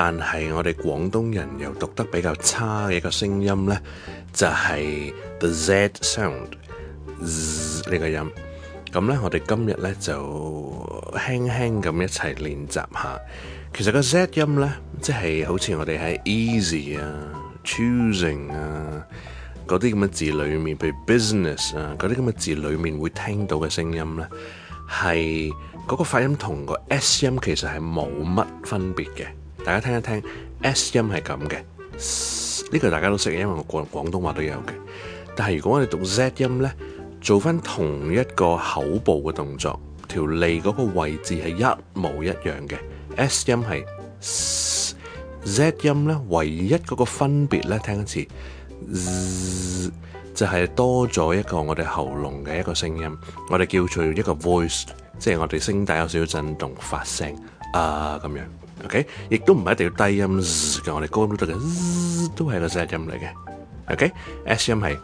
但係，我哋廣東人又讀得比較差嘅一個聲音呢，就係 the z sound z 呢個音。咁呢，我哋今日呢就輕輕咁一齊練習下。其實個 z 音呢，即係好似我哋喺 easy 啊、choosing 啊嗰啲咁嘅字裡面，譬如 business 啊嗰啲咁嘅字裡面會聽到嘅聲音呢，係嗰個發音同個 s 音其實係冇乜分別嘅。大家聽一聽，S 音係咁嘅，呢個大家都識嘅，因為我廣廣東話都有嘅。但係如果我哋讀 Z 音呢，做翻同一個口部嘅動作，條脷嗰個位置係一模一樣嘅。S 音係，Z 音呢唯一嗰個分別呢，聽一次，就係多咗一個我哋喉嚨嘅一個聲音，我哋叫做一個 voice，即係我哋聲帶有少少震動發聲。啊，咁樣，OK，亦都唔係一定要低音，其實我哋高音都得嘅，都係個 Z 音嚟嘅，OK，S 音係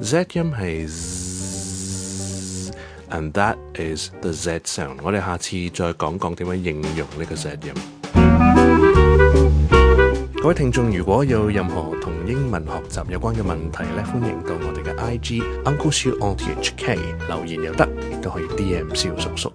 ，Z 音係 Z，and that is the Z sound。我哋下次再講講點樣形容呢個 Z 音。各位聽眾如果有任何同英文學習有關嘅問題咧，歡迎到我哋嘅 IG Uncle Siu on hk 留言又得，亦都可以 DM 小叔叔。